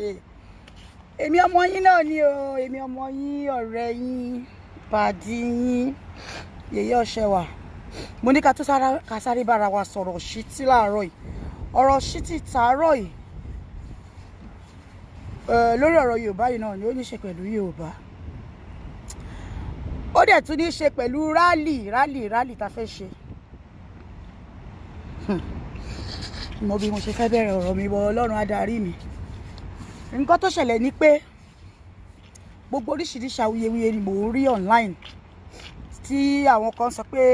Eh, èmi ọmọ yín náà ni o èmi ọmọ yín ọ̀rẹ́ yín pàdí yín yèyé ọ̀ṣẹ̀wà mo ní ká tó sáré bára wa sọ̀rọ̀ ṣítí láàárọ̀ yìí ọ̀rọ̀ ṣítí tàárọ̀ yìí eh, lórí ọ̀rọ̀ yorùbá yìí náà ni ó ní ṣe pẹ̀lú yorùbá ó dẹ̀ tún ní ṣe pẹ̀lú rálì rálì rálì tá fẹ́ ṣe hmm. mo bí mo ṣe fẹ́ bẹ̀rẹ̀ ọ̀rọ̀ mi bọ́ ọlọ́run á mi nǹkan tó ṣẹlẹ̀ ni pé gbogbo oríṣiríṣi awuyewuye ni mò ń rí online tí àwọn kan sọ pé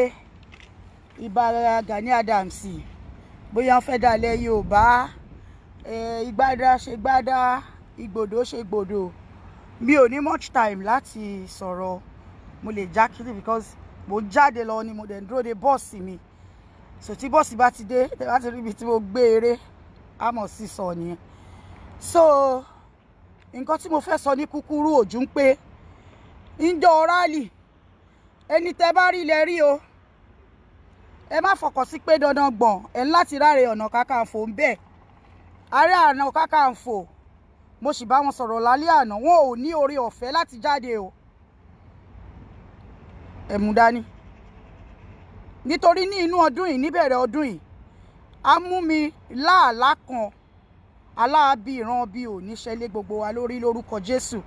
Ìbà Gani Adams bóyá fẹ́ dalẹ̀ Yorùbá ìgbádá ṣe gbádá ìgbòdó ṣe gbòdó mi ò ní much time láti sọ̀rọ̀ mo lè já kiri because mo jáde lọ ni mo dẹ̀ dúró de bọ́ọ̀sì mi so tí bọ́ọ̀sì bá ti dé tẹ̀ bá ti rí ibi tí mo gbé eré àmọ̀ sísọ nìyẹn so nǹkan tí mo fẹ́ sọ ní kúkúrú òjú ń pé ńjọ rálì ẹni tẹ bá rí ilẹ̀ rí o ẹ má fọkàn sí pé dandan gbọ̀n ẹ ń láti ráre ọ̀nà kàkàǹfò ń bẹ̀ ààrẹ ọ̀nà kàkàǹfò mo sì bá wọn sọ̀rọ̀ lálẹ́ àná wọn ò ní oore ọ̀fẹ́ láti jáde o ẹ̀mú dání nítorí ní inú ọdún yìí níbẹ̀rẹ̀ ọdún yìí a mú mi láàlá kan aláàbí ìran bí ò ní ṣẹlẹ̀ gbogbo wa lórí lórúkọ Jésù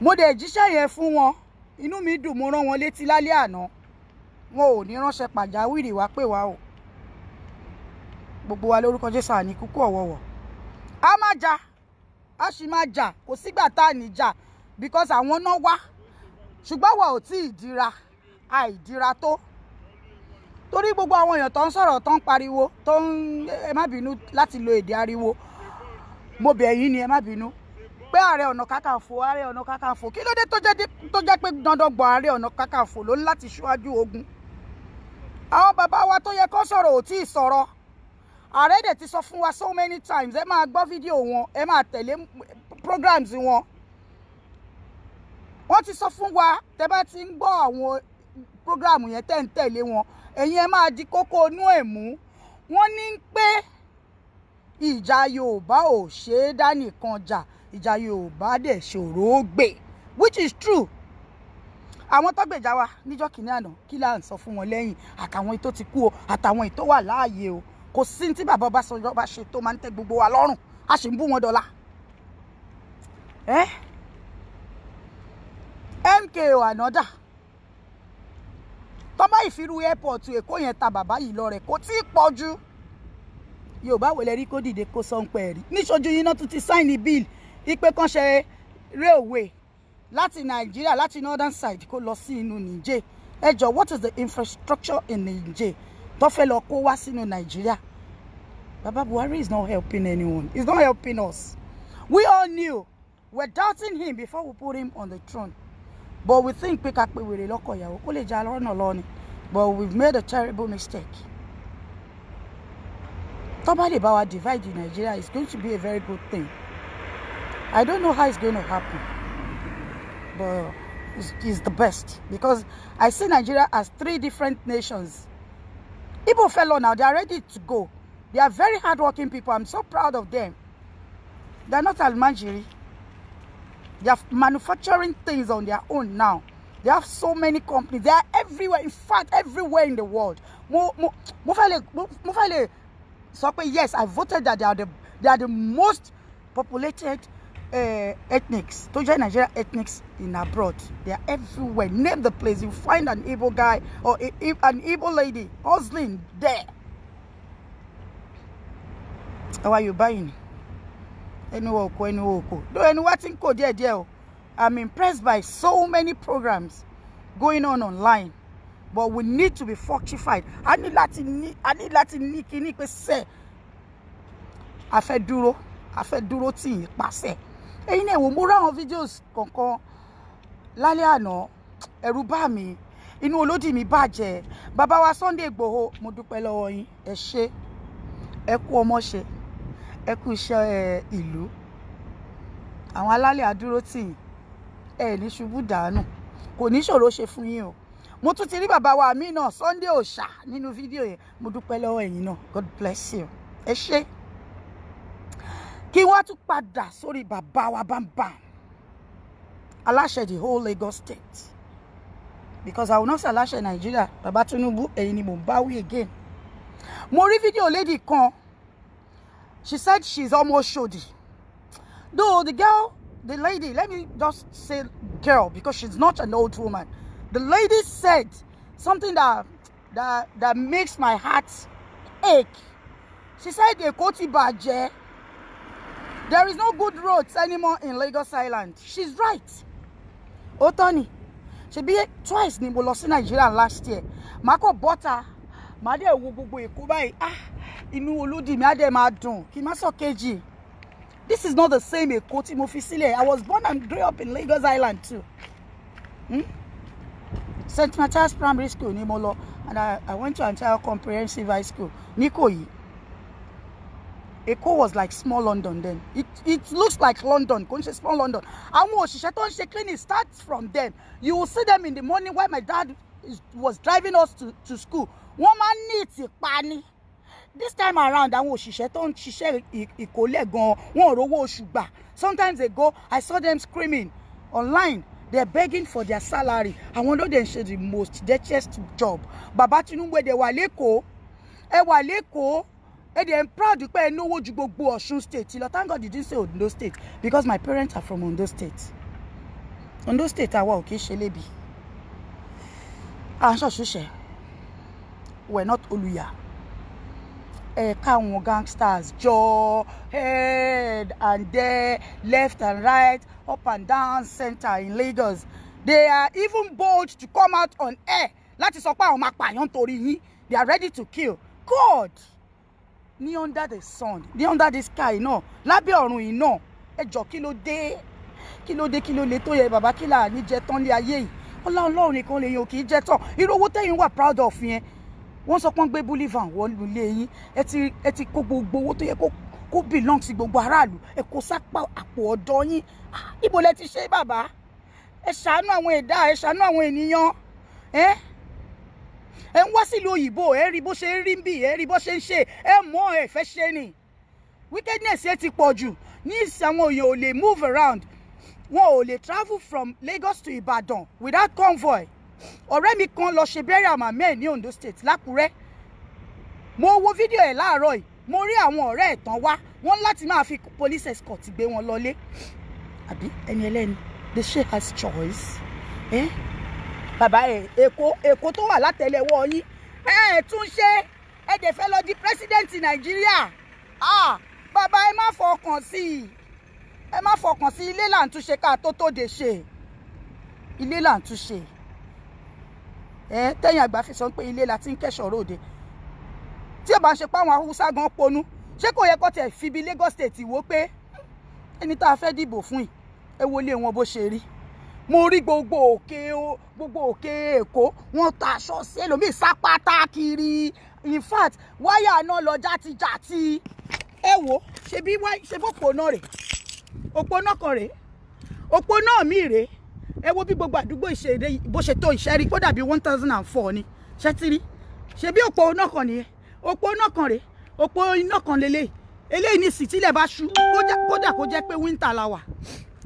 mo dẹ̀ jíṣẹ́ yẹn fún wọn inú mi dùn mo rán wọn létí lálẹ́ àná wọn ò ní ránṣẹ́ pàjáwìrì wá pè wá o gbogbo wa lórúkọ Jésù àní kúkú ọ̀wọ̀wọ̀ a máa jà a sì máa jà kò sígbà tá à ní jà because àwọn náà wá ṣùgbọ́n wa ò tí ì dira àìdira tó torí gbogbo àwọn èèyàn tó ń sọ̀rọ̀ tó ń pariwo tó ń ẹ má bínú láti lo èdè ariwo mo bẹ̀ yín ni ẹ má bínú pé ààrẹ ọ̀nà kákàǹfò ààrẹ ọ̀nà kákàǹfò kí ló dé tó jẹ́ pé dandan ààrẹ ọ̀nà kákàǹfò ló ń láti ṣíwájú ogun àwọn bàbá wa tó yẹ kó sọ̀rọ̀ ò tí ì sọ̀rọ̀ ààrẹ dẹ̀ ti sọ fún wa so many times ẹ máa gbọ́ fídíò wọn ẹ máa tẹ̀lé programs wọn wọ́n ti sọ fún wa tẹ́ bá ti ń gbọ́ àwọn program yẹn tẹ́ ń tẹ̀lé wọn ẹ̀yin ẹ máa di kókó inú ẹ̀ mú wọ́n ní pé ìjà Yorùbá ò ṣe é dá nìkan jà ìjà Yorùbá dẹ̀ ṣòro gbè which is true àwọn tọ́gbèjà wa níjọ́ kìíní àná kí là ń sọ fún wọn lẹ́yìn àtàwọn ètò ti kú o àtàwọn ètò wà láàyè o kò sí tí bàbá Ọbásanjọ́ bá ṣe tó máa ń tẹ́ gbogbo wa lọ́rùn a sì ń bú wọn dọ́là. Eh? MKO ànádà tọ́mọ ìfiru airport èkó yẹn ta bàbá yìí lọ rẹ̀ kò tí ì pọ̀ jù yorùbá wò lẹ rí kó dìde kó sọ ń pẹ rí níṣojú yín náà tún ti sáìnì bíìlì ipe kan ṣe railway láti nàìjíríà láti northern side kó lọ sí inú nìjẹ ẹ jọ what is the infrastructure in nìjẹ tó fẹ́ lọ kó wá sínú nàìjíríà baba buhari is not helping anyone he is not helping us we all knew were doubting him before we put him on the throne but we think pé ká pe wèrè lọ́kọ̀ ìyàwó kó lè jà lọ́nà lọ́ni but we made a terrible mistake tó bá lè bá wa divide Nigeria is going to be a very good thing I don't know how it's going to happen but it's, it's the best because I see Nigeria as three different nations Igbo fellow now they are ready to go they are very hardworking people I'm so proud of them they are not almajiri they are manufacturing things on their own now they have so many companies they are everywhere in fact everywhere in the world mo mo mo fẹ́ mo, mo fẹ́ lè sọ pé yes I voted that they are the, they are the most populated uh, ethnics tó jẹ́ Nigeria ethnics in abroad they are everywhere name the place you find an Igbo guy or a, a, an Igbo lady hustling there. àwa Yorùbá yìí ni ẹnu wọ òkò ẹnu wọ òkò though ẹnu wá ti ń kò díẹ̀díẹ̀ o I'm impressed by so many programs going on online but we need to be fortified a ní láti ní a ní láti ní kíní pé sẹ́ a fẹ́ dúró a fẹ́ dúró tì í pàṣẹ ẹ̀yin náà wò mo ráwọn videos kankan lálẹ́ àná ẹ̀rù bá mi inú olódì mi baje. Baba wa Sunday Igboho mo dúpẹ́ lọ́wọ́ yín E ṣé ẹ kú ọmọṣẹ ẹ kú iṣẹ́ ìlú àwọn alálẹ̀ àdúró tì í ní ṣubú dànù kò ní ṣòro ṣe fún yín o mo tún ti rí bàbá wa mi náà Sunday Òòṣà nínú fídíò yẹn mo dúpẹ́ lọ́wọ́ ẹ̀yin náà God bless you ẹ ṣé kí wọ́n tún padà sórí bàbá wa bámbá aláṣẹ the whole Lagos state because I will not say aláṣẹ Nàìjíríà bàbá Tinubu ẹ̀yin ni mò bá wí again mo rí fídíò lady kan she said she is almost Oshodi though the girl the lady let me just say girl because she's not an old woman the lady said something that that that makes my heart ache she said èkó ti bàjẹ́ there is no good roads anymore in Lagos Island she's right ó tán ni ṣebí twice ni mo lọ sí last year màá kọ bọ́tà màá dẹ̀ wo gbogbo èkó báyìí ah inu olódì mi á dẹ̀ máa dùn kí n má sọ this is not the same èkó tí mo fi sílẹ̀ I was born and grew up in Lagos Island too. Hmm? St. Matthias Primary School ni mo lọ and I, I went to Antioch Comprehensive High School n'Ikoyi. Eko was like small London then. It, it looks like London, kò ń ṣe small London. Àwọn òṣìṣẹ́ tó ń ṣe clinic start from then. You will see them in the morning while my dad is, was driving us to, to school. Wọ́n máa ń ní ìtìpa This time around, àwọn òṣìṣẹ́ tó ń ṣiṣẹ́ ìkólẹ̀ gan-an, wọn ò rówó oṣù gbà. Sometimes they go, I saw them screaming online they're begging for their salary I wonder they ń the most dirtiest job bàbá Tinubu ẹ̀dẹ̀ wà lẹ́kọ̀ọ́ ẹ wà lẹ́kọ̀ọ́ ẹ̀dẹ̀ ń proud pé what you go go Ọ̀ṣun state lọ thank God you didn't say Ondo state because my parents are from Ondo state Ondo state I ò kì í ṣe lébi à we're not Oluya ẹ̀ka àwọn gangsters jaw, head and there left and right up and down center in Lagos they are even bold to come out on air láti sọ pé àwọn máa pààyàn torí yín they are ready to kill God ní under the sun ní under the sky náà lábẹ́ ọ̀run yìí náà ẹ jọ kí ló dé kí ló dé kí ló lè tó yẹ bàbá kí là ní jẹ tán lé ayé yìí ọlá ọlọ́run nìkan lè yan kì jẹ tán irú owó tẹ̀yìn wà proud of yẹn wọ́n sọ pé wọ́n gbé bullivan wọ́n lulẹ̀ yín ẹ ti kó gbogbo owó tó yẹ kó kó belong sí gbogbo aráàlú ẹ kó sápá àpò ọ̀dọ́ yín ah, ibo lẹ ti ṣe bàbá ẹ ṣàánú àwọn ẹ̀dá ẹ ṣàánú àwọn ènìyàn ẹ ẹ ń wá sílùú òyìnbó ẹ rí bó ṣe ń rí bí ẹ rí bó ṣe ń ṣe ẹ mọ ẹ ṣe ni wickedness ẹ ti pọ̀ jù ní àwọn èèyàn ò lè move around wọn ò lè travel from Lagos to Ibadan without convoy ọ̀rẹ́ mi kan lọ ṣe bẹ́rẹ̀ àmàmẹ́ ní Ondo State lákùrẹ́ mo wo fídíò ẹ̀ láàárọ̀ yìí mo rí àwọn ọ̀rẹ́ ẹ̀ tán wá wọ́n láti máa fi police escort gbé wọn lọlé àbí ẹni ẹlẹ́ni the share has choice eh? bàbá ẹ̀ èkó èkó tó wà látẹ̀lẹ́wọ́ yín ẹ̀ ẹ̀ tún ṣe ẹ̀ dẹ̀ fẹ́ lọ di president nàìjíríà ah, bàbá ẹ má fọkàn sí i ẹ má fọkàn sí ilé là ń túnṣe ká tó tó de ṣe ilé là ẹ tẹ̀yìn àgbà fi sọ pé ilé la ti ń kẹ́sọ̀ róde tí ò bá ṣe páwọn haúsá gan ponú ṣé kò yẹ kó tẹ̀ fi bí Lagos State wò pé ẹni tá a fẹ́ dìbò fún yìí ẹ wo ilé wọn bó ṣe rí mo rí gbogbo òkè gbogbo òkè Èkó wọn ta aṣọ sí ẹlòmíì sápátá kiri in fact wáyà náà lọ játijàti ẹ wo ṣebí ṣebí òpó náà rèé òpó náà kan rèé òpó náà mí rèé ẹ wo bí gbogbo àdúgbò ìṣeré bó ṣe tó ìṣẹ́rí ó dàbí one thousand and four ni ṣẹ́tírí ṣebí òpó náà kan nìyẹn òpó iná kan rèé òpó iná kan lélẹ̀ eléyìí ní sì tílẹ̀ bá ṣú kódà kó jẹ́ pé wíńtà la wà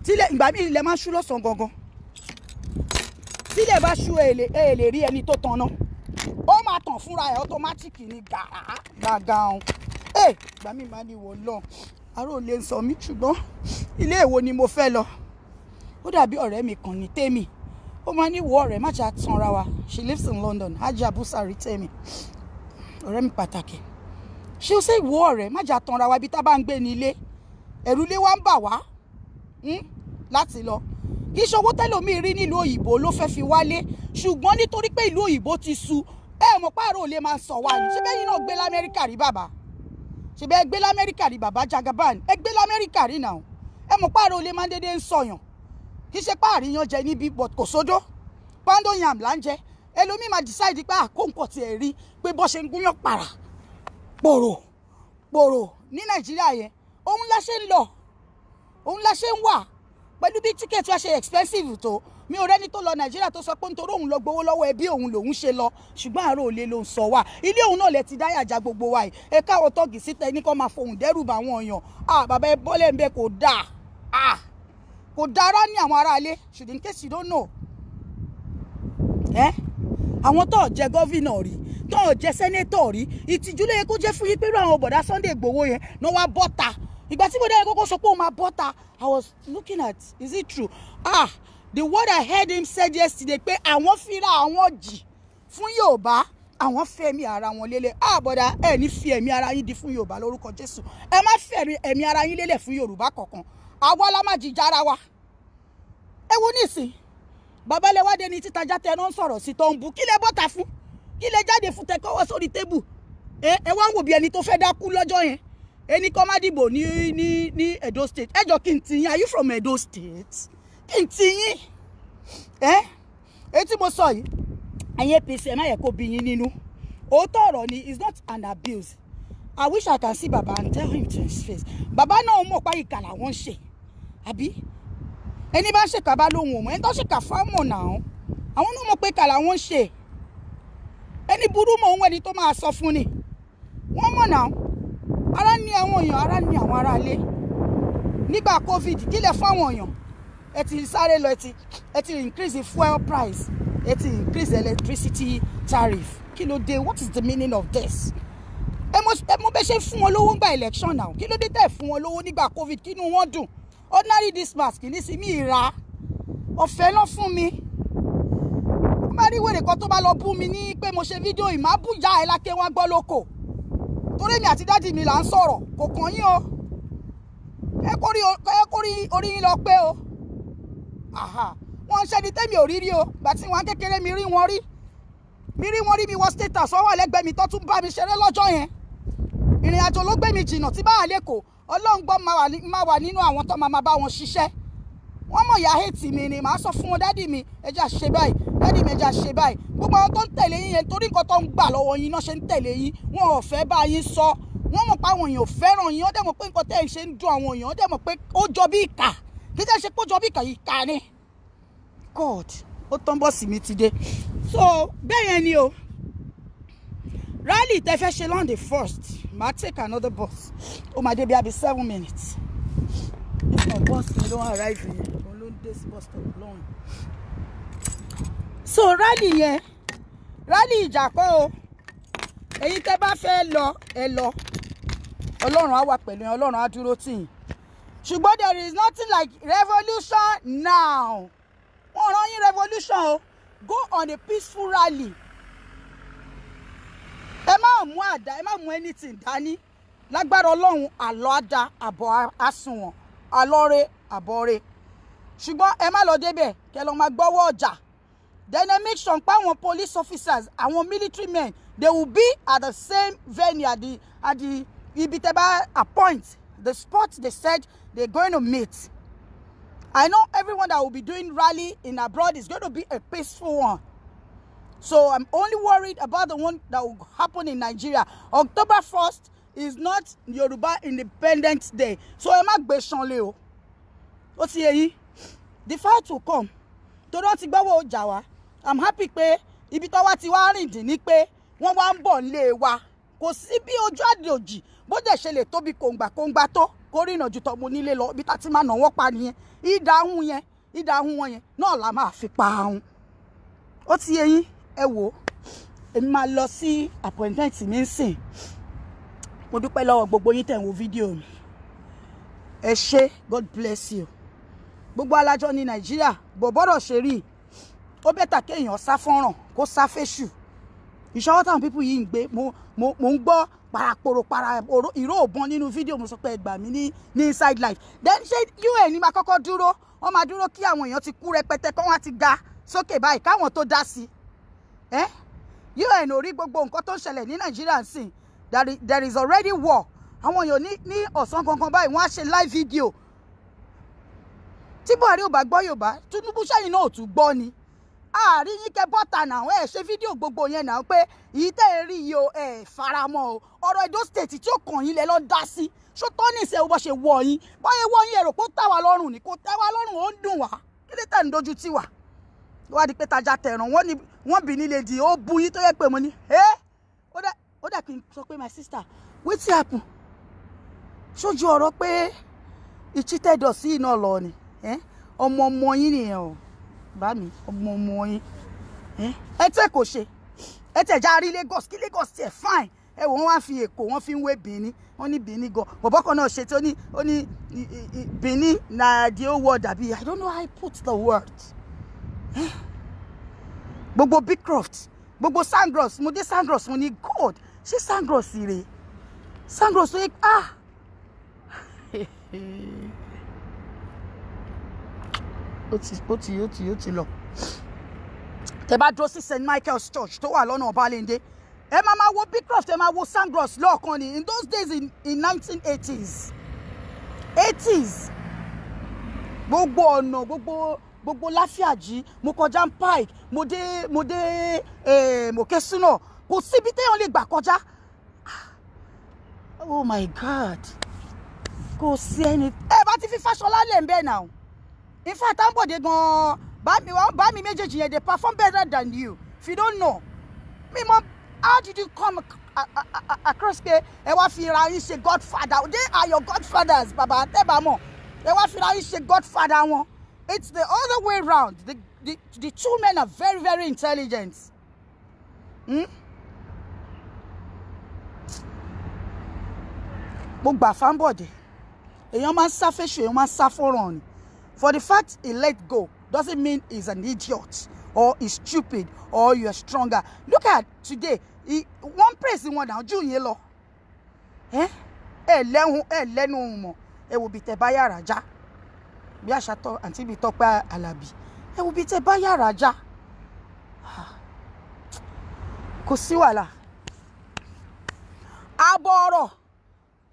tílẹ̀ ìgbà míì ilẹ̀ máa ṣú lọ́sàn gangan tílẹ̀ bá ṣú ẹ lè rí ẹni tó tan náà ó máa tàn fúnra ẹ̀ ọ́tọ́mátìkì ni gàrà gbàgàn ìgbà míì máa ní wò lọ àárò lè sọ mí ṣùgbọ́n ilé èwo ni mo fẹ́ lọ ó dàbí ọ̀rẹ́ mi kan ní tèmi ó máa ní wò ọ̀rẹ́ má ṣe àtànra wa she lives in London Hajji Abusari tèmi ọ̀rẹ́ mi pàtàkì ṣé o ṣe ìwọ ọ̀rẹ́ má jà tanra wa ibi tá a bá ń gbé ní ilé ẹ̀rù ilé wa ń bà wá hmm, láti lọ kì í ṣowó tẹ́lòmíì rí nílùú òyìnbó ló fẹ́ fi wálé ṣùgbọ́n nítorí pé ìlú òyìnbó ti sú ẹ mọ̀ páàrọ̀ ò lè máa sọ wá ní ṣé bẹ́ẹ̀ yín náà gbé lamẹ́ríkà rí bàbá ṣé bẹ́ẹ̀ gbé lamẹ́ríkà rí bàbá jagaban ẹ gbé lamẹ́ríkà rí nà ẹ mọ̀ páàrọ̀ ò lè máa dédé ń sọyàn kì í ṣe páàrí yan jẹ níbí kò sódó pando yam là ń jẹ ẹlòmíì ma decide pé àkóńkò ah, tiẹ̀ rí pé bó ṣe ń gúnyán para pòrò pòrò ní nàìjíríà yẹn òun la ṣe ń lọ òun la ṣe ń wà pẹ̀lú bí tíkẹ́ẹ̀tì wa ṣe expensive tó mi ò rẹ́ni tó lọ nàìjíríà tó sọ pé nítorí òun lọ gbowó lọ́wọ́ ẹbí òun lòun ṣe lọ ṣùgbọ́n àárò òlé ló ń sọ wá ilé òun náà lẹ ti dáyàjà gbogbo wa yìí ẹ káwọ tọ́gì síta ẹni kan máa fohùn dẹ́rù àwọn èèyàn ah bàbá ẹ bọ́lẹ̀ ń bẹ kò dáa ah kò dáa rárá ní àwọn aráalé ṣùgbọ́n in case you don't know. Eh? àwọn tó jẹ gọ́vìnà rí tó jẹ sẹ́nẹ́tọ̀ rí ìtìjú ló yẹ kó jẹ́ fún yín pé irú àwọn bọ̀dá Sunday Igboho yẹn náà wá bọ́ta ìgbà tí mo dẹ́ kókó sọ pé òun máa bọ́ta I was looking at is it true ah the word I heard him say yesterday pé àwọn fira àwọn jì fún Yorùbá àwọn fi ẹ̀mí ara wọn lélẹ̀ àbọ̀dà ah, ẹ̀ ní fi ẹ̀mí ara yín di fún Yorùbá lórúkọ Jésù ẹ má fi ẹ̀mí ara yín lélẹ̀ fún Yorùbá kankan àwa la má jìjà ara wa ẹ wo nísìnyí babaléwádé ni títajà tẹ ẹnu ń si sí tó ń bu kí lẹ bọ́ta fún kí lẹ jáde fún tẹkọ́wọ́ sórí tébù ẹ wá ń wò bí ẹni tó fẹ́ dákú lọ́jọ́ yẹn ẹni kọ́ má dìbò ní ní ní Edo State ẹ jọ kí n tiyín are you from Edo State kí n tiyín ẹ èyí tí mo sọ yìí ẹ̀yin APC ẹ má yẹ kó bí nínú òótọ́ ọ̀rọ̀ ni it's not an abuse I wish I can see Baba and tell him to his face Baba náà mọ̀ pa ìkà làwọn ṣe àbí ẹni bá ṣèkà bá lóhùn ọmọ ẹni tó ṣèkà fáwọn náà àwọn náà mọ̀ pé kà làwọn ń ṣe ẹni burú mọ̀ òun ẹni tó máa sọ fún ni wọ́n mọ̀ náà ara ní àwọn èèyàn ara ní àwọn aráalé nígbà covid kílẹ̀ fáwọn èèyàn ẹ ti sáré lọ ẹ ti increase fuel price ẹ ti increase electricity tariff kí ló dé what is the meaning of this ẹ mo bẹ́ ṣe fún wọn lówó nígbà election now. kí ló dé tẹ̀ fún wọn lówó nígbà covid kí inú wọn dùn ordinary this mask ní sí mi ìra ọ̀fẹ́ lọ fún mi ó bá rí wèrè kan tó bá lọ bú mi ní pé mo ṣe fídíò ìmábùjá ẹ̀ lákẹ́ wọn gbọ́ lóko torí mi àti dáàdì mi là ń sọ̀rọ̀ kò kàn yín o ẹ kó rí orí yín lọ pé o wọ́n ń ṣẹ́ni tẹ́mi ò rí rí o gbàtí wọn kékeré mi rí wọn rí mi rí wọn rí mi wọ status wọn wà lẹ́gbẹ̀ẹ́ mi tó tún bá mi ṣeré lọ́jọ́ yẹn ìrìn àjò ló gbé mi jìnnà tí bá wà lẹ́kọ̀ọ́ ọlọ́run gbọ́ máa wà nínú àwọn tó máa bá wọn ṣiṣẹ́ wọ́n mọ̀ ìyá hẹ́ẹ̀tì mi ni màá sọ fún wọn dádì mi ẹja ṣe báyìí dádì mi ẹja ṣe báyìí gbogbo àwọn tó ń tẹ̀lé yín yẹn torí nǹkan tó ń gbà lọ́wọ́ yín náà ṣe ń tẹ̀lé yín wọn ò fẹ́ bá yín sọ wọ́n mọ̀ pé àwọn èèyàn fẹ́ràn yín wọ́n dẹ̀ mọ̀ pé nǹkan tẹ́ ẹ̀ ṣe ń dùn àwọn èèyàn wọ́n dẹ̀ mọ̀ pé ó jọ bí ìkà kí tẹ́ ṣe pé bí ìkà yìí kà ni God ó tán bọ́ọ̀sì mi ti dé so bẹ́ẹ̀ yẹn ni o rally tẹfẹ ṣe the first màá take another bus ó máa dé bí be seven minutes if my bus mi don arrive yẹn òun ló ń dé bus stop lọ́hùn. so rally yẹn rally ìjàpọ̀ o èyí tẹ́ bá fẹ́ lọ ẹ lọ ọlọ́run á wà pẹ̀lú yẹn ọlọ́run á dúró tì yín ṣùgbọ́n there is nothing like revolution now wọ́n rán yín revolution go on a peaceful rally ẹ má mú àdá ẹ má mú anything dání lágbára ọlọ́run àlọ́ àdá àbọ̀ àsùnwọ̀n àlọ́re àbọ̀re ṣùgbọ́n ẹ má lọ débẹ̀ kẹ lọ́ọ́ máa gbọ́wọ́ ọjà then they make àwọn police officers àwọn military men they will be at the same venue at the at the ibi tẹ́ bá appoint the spot they said they going to meet i know everyone that will be doing rally in abroad is going to be a peaceful one So I'm only worried about the one that will happen in Nigeria. October 1st is not Yoruba Independence Day. So ẹ má gbé sanlé o. Ó ti The fight will come. Torí wọ́n ti gbọ́wọ́ ọjà wa. I'm happy pé ibi tó wá ti wá rìn dín ní pé wọ́n wá ń bọ̀ nílé wa. Kò sí bí ojú àdìòjì bó dẹ̀ ṣe lè tóbi kòǹgbàkòǹgbà tó kó rìnà ju tọmọ onílé lọ ibi tá ti máa nà pa nìyẹn. Ìdáhùn yẹn ìdáhùn wọn yẹn náà la máa fi pa ahun. Ó ti yé yín ẹ wò èmi máa lọ sí appointment mi ń sìn mo dúpẹ́ lọ́wọ́ gbogbo yín tẹ̀ ń wo fídíò mi ẹ ṣé God bless you gbogbo alájọ ní Nàìjíríà bọ̀bọ̀rọ̀ ṣe rí ó bẹ́tà kéèyàn sá fọ́nrán kó sá fẹ́ṣù ìṣọwọ́ táwọn pípù yìí ń gbé mo ń gbọ́ paraporo para ìró òbọn nínú fídíò mo sọ pé ẹ gbà mí ní ní inside life then ṣé un máa kọ́kọ́ dúró wọ́n máa dúró kí àwọn èèyàn ti kú rẹpẹtẹ kọ́ wọ́n á ti ga sókè báyìí káwọn tó dá sí i eh? un ò rí gbogbo nǹkan tó ń ṣẹlẹ̀ ní nàìjíríà sìn there is already war àwọn èèyàn ní ní ọ̀sán kankan báyìí wọ́n á ṣe live video tí buhari ò bá gbọ́ yorùbá tinubu sẹ́yìn náà ò tún gbọ́ ni ààrí yín kẹ bọ́ta náà ẹ ṣe fídíò gbogbo yẹn náà pé èyí tẹ́ ẹ rí yìí ẹ faramọ́ o ọ̀rọ̀ Edo State tí ó kàn yín lẹ lọ dá sí ṣótọ́ ní ìṣe bó ṣe wọ̀ yín báyẹn wọ̀ yín ẹ̀rọ kó tẹ́ wa lọ́rùn ni kó tẹ́ wa lọ́rùn ó ń dùn wá kí ló tẹ̀ ń dojú tì wá wá di pé tajà tẹ̀ràn wọ́n ni wọ́n bí nílé di ó bu yí tó yẹ pé mo ní ẹ́ ó dà kí n sọ pé my sister wetin happen sójú ọ̀rọ̀ pé ìchítẹ́dọ̀ sí iná lọ ni ọmọ ọmọ yín nìyẹn o bá mi ọmọ ọmọ yín ẹ tẹ kò ṣe ẹ tẹ já rí Lagos kí Lagos tiẹ̀ fine ẹ wò wọ́n wá fi Èkó wọ́n fi ń wé Benin wọ́n ní Benin gan bọ̀bọ́ kan náà ṣe tí ó ní Benin na the whole world àbí I don't know how I put the word gbogbo bigcroft gbogbo sandros mo dé sandros mo ní god ṣé sandros rè sandros ó yẹ ah ó ti ó ti ó ti ó ti lọ tẹ bá dúró sí st michael's church tó wà lọ́nà ọbalẹ́ndé ẹ máa máa wo bigcroft ẹ máa wo sandros lọ́ọ̀kan ni in those days in in 1980s. 80s. gbogbo ọ̀nà gbogbo gbogbo láfíàjì mo kọjá pike mo dé mo dé eh, mòkésùnà kò síbi téèyàn lè gbà kọjá ah, oh my god kò sí ẹni ẹ bá ti fi Fáṣọlá lẹ̀ ń bẹ́ẹ̀ náà in fact Ambode gan-an bá mi wọn bá mi méjèèjì yẹn they perform better than you if you don't know mi mọ how did you come across pé ẹ wá fi ra yín ṣe godfather they are your godfathers bàbá tẹ́ bá mọ̀ ẹ wá fi ra yín ṣe godfather wọn. It's the other way around. The, the, the two men are very, very intelligent. Hmm? Mo gbà Fámbọ̀dé. Èèyàn máa ń sá fẹ́ṣù, èèyàn máa ń sá fọ́ràn ni. For the fact he let go doesn't mean he's an idiot or he's stupid or you're stronger. Look at today, he, one person wọn náà June Yellow. lọ. Ẹ lẹ́hun ẹ lẹ́nu mọ̀, ẹ wò bí tẹ̀ bá yàrá já bí àṣà tọ àǹtí bíi Tọ́pẹ́ Àlàbí ẹ wo bíi tẹ bá yàrá já kò sí wàhálà àbọ̀ ọ̀rọ̀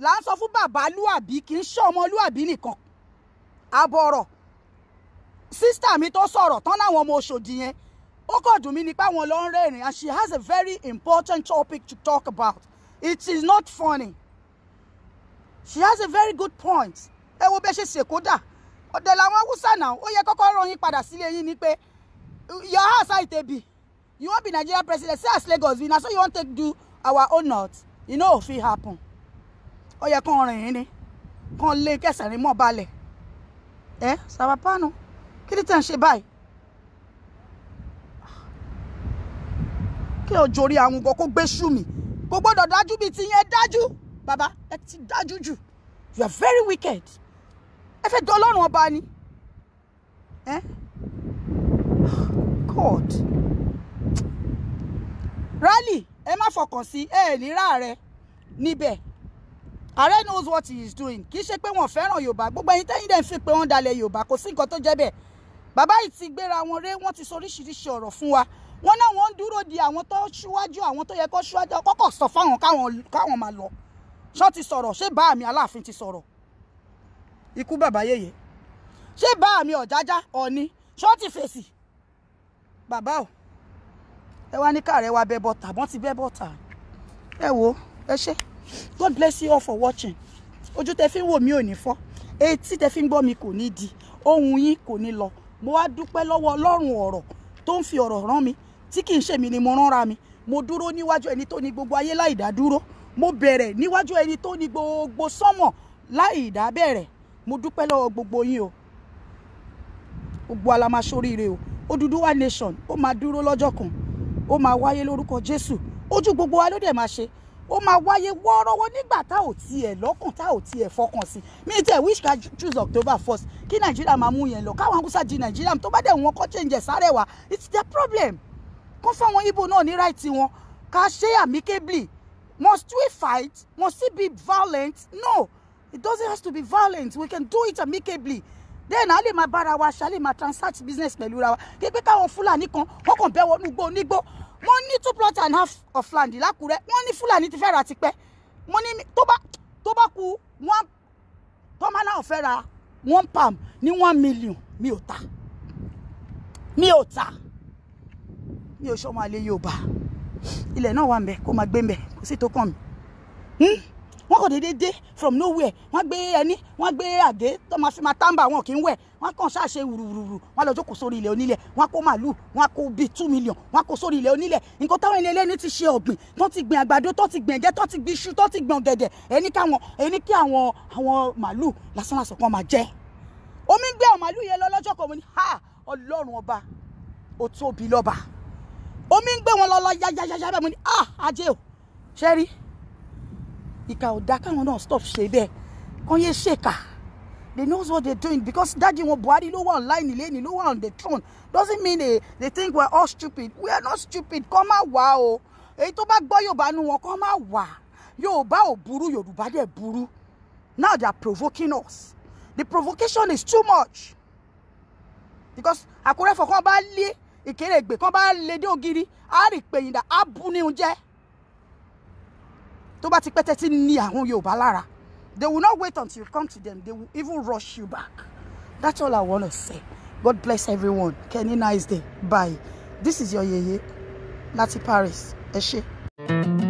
là ń sọ fún bàbá lúàbí kì í ṣe ọmọlúàbí nìkan àbọ̀ ọ̀rọ̀ sísítà mi tó sọ̀rọ̀ tán láwọn ọmọ Ọ̀ṣọ́dì yẹn ó kàn dùn mí ni pé àwọn ló ń rẹ́rìn and she has a very important topic to talk about it is not funny she has a very good point ẹ wo bẹ́ẹ̀ ṣe ṣèkódà ọ̀dẹ̀ làwọn haúsá náà ó yẹ kọ́kọ́ rán yín padà sílé yín ni pé your house how it dey be you wan be Nigeria president Say as Lagos be na so you wan take do our own north e no fit happen ó yẹ kàn rìn yín ni kàn lé kẹsàn-án mọ́ balẹ̀ ẹ sàbàpánu kí ni tẹ̀ ń ṣe báyìí kí ọjọ́ orí àwọn nǹkan kó gbé ṣú mi kò gbọ́dọ̀ dájú bíi ti yẹn dájú bàbá ẹ ti dájú jù you are very wicked ẹ fẹ́ dán ọlọ́run ọba ni eh? God rally ẹ má fọkàn sí ẹ ẹ ní ráàrẹ níbẹ̀ ààrẹ knows what he is doing kì í ṣe pé wọ́n fẹ́ràn yorùbá gbogbo ẹ̀yin tẹ́yìn dẹ̀ ń fi pé wọ́n dalẹ̀ yorùbá kò sí nǹkan tó jẹ́ bẹ́ẹ̀ bàbá yìí ti gbéra wọn ré wọ́n ti sọ oríṣiríṣi ọ̀rọ̀ fún wa wọ́n náà wọ́n ń dúró di àwọn tó ṣíwájú àwọn tó yẹ kó ṣíwájú kọ́kọ́ sọ fáwọn káwọn máa lọ ṣọ́ ti sọ̀rọ̀ ṣé bá àmì aláàfin ti sọ̀rọ̀ ikú bàbá yèyé ṣé bá mi ọ̀jájá ọ̀ni ṣọ́ọ̀tì fèsì bàbá o ẹ wá ní káàrẹ̀ wa bẹ́ bọ́ta wọ́n ti bẹ́ bọ́ta ẹ wo ẹ ṣé God bless you all for watching ojú tẹ fi ń wò mí ò ní fọ́ etí tẹ fi ń gbọ́ mi kò ní di ohun yín kò ní lọ mo wá dúpẹ́ lọ́wọ́ ọlọ́run ọ̀rọ̀ tó ń fi ọ̀rọ̀ rán mi tí kì í ṣe mi ni mo rán ra mi mo dúró níwájú ẹni tó ní gbogbo ayé láì dá dúró mo bẹ̀rẹ̀ níwájú ẹni tó ní gbogbo sánmọ̀ láì dá bẹ̀rẹ̀ mo dúpẹ́ lọ́wọ́ gbogbo yín o gbogbo ala máa ṣoríire o Odùduwà nation ó máa dúró lọ́jọ́ kan ó máa wáyé lórúkọ Jésù ojú gbogbo wa ló dẹ̀ máa ṣe ó máa wáyé wọ́ọ́rọ́wọ́ nígbà tá ò tiẹ̀ lọ́kàn tá ò tiẹ̀ fọkàn sí mi tẹ̀ wish ka choose October first kí Nàìjíríà máa mú yẹn lọ káwọn haúsá di Nàìjíríà tó bá dẹ̀ wọn kọ́ change sáré wa it's their problem kó fáwọn Ìgbò náà ní right wọn ká ṣe amicably must we fight must we be violent no it doesn't have to be violent we can do it amicably then a my barawa shall my transact business pẹ̀lú ra wa kí pé káwọn fúlàní kan wọ́n what bẹ́ go igbó Money wọ́n two plot and half of land lákùrẹ́ wọ́n ní fúlàní ti fẹ́ ra Money toba ní ku one Tomana ọ̀fẹ́ ra one palm ní one million miota. Miota. ta show ò ta mi ò one àlè Yorùbá ilẹ̀ náà wà ń bẹ kó máa wọ́n kò déédéé dé from nowhere wọ́n gbé ẹni wọ́n gbé àdé tó máa fi máa tàǹbà wọn kì í wẹ̀ wọ́n kàn ṣàṣe wùrùwùrù wọ́n lọ jókòó sórí ilẹ̀ onílẹ̀ wọ́n kó màálù wọ́n kó bíi two million wọ́n kó sórí ilẹ̀ onílẹ̀ nǹkan táwọn ilé ẹlẹ́ni ti ṣe ọ̀gbìn tó ti gbìn àgbàdo tó ti gbìn ẹ̀jẹ̀ tó ti gbìn iṣu tó ti gbìn ọ̀gẹ̀dẹ̀ ẹni kí àwọn ẹni kí àwọn àwọn màálù lásánlàsàn kan máa jẹ omi ń gbé àwọn màálù yẹn lọ lọ́jọ́ kan mo ní ha ọlọ́run ọba ó tóbi lọ́ba omi ń gbé ìkà ò dá káwọn náà stop ṣe bẹ́ẹ̀ kàn yé ṣèkà they know what they're doing because daddy wọn buhari ló wà online lẹ́ni ló wà on the throne doesn't mean they they think we're all stupid we are not stupid kọ́ má wà o èyí tó bá gbọ́ yorùbá nu wọn kọ́ má wà yorùbá ò burú yorùbá dẹ̀ burú now they are provoking us the provocation is too much because àkúrẹ́fọ̀ kan bá lé ìkérégbè kan bá lé dé ògiri á rí pèyìndà á bú ní oúnjẹ tó bá ti pẹ́ tẹ́tí ní àwọn Yorùbá lára they will not wait until you come to them they will even rush you back that's all I want to say God bless everyone kenny nice day bye this is your yeye láti Paris ẹ ṣé. thank you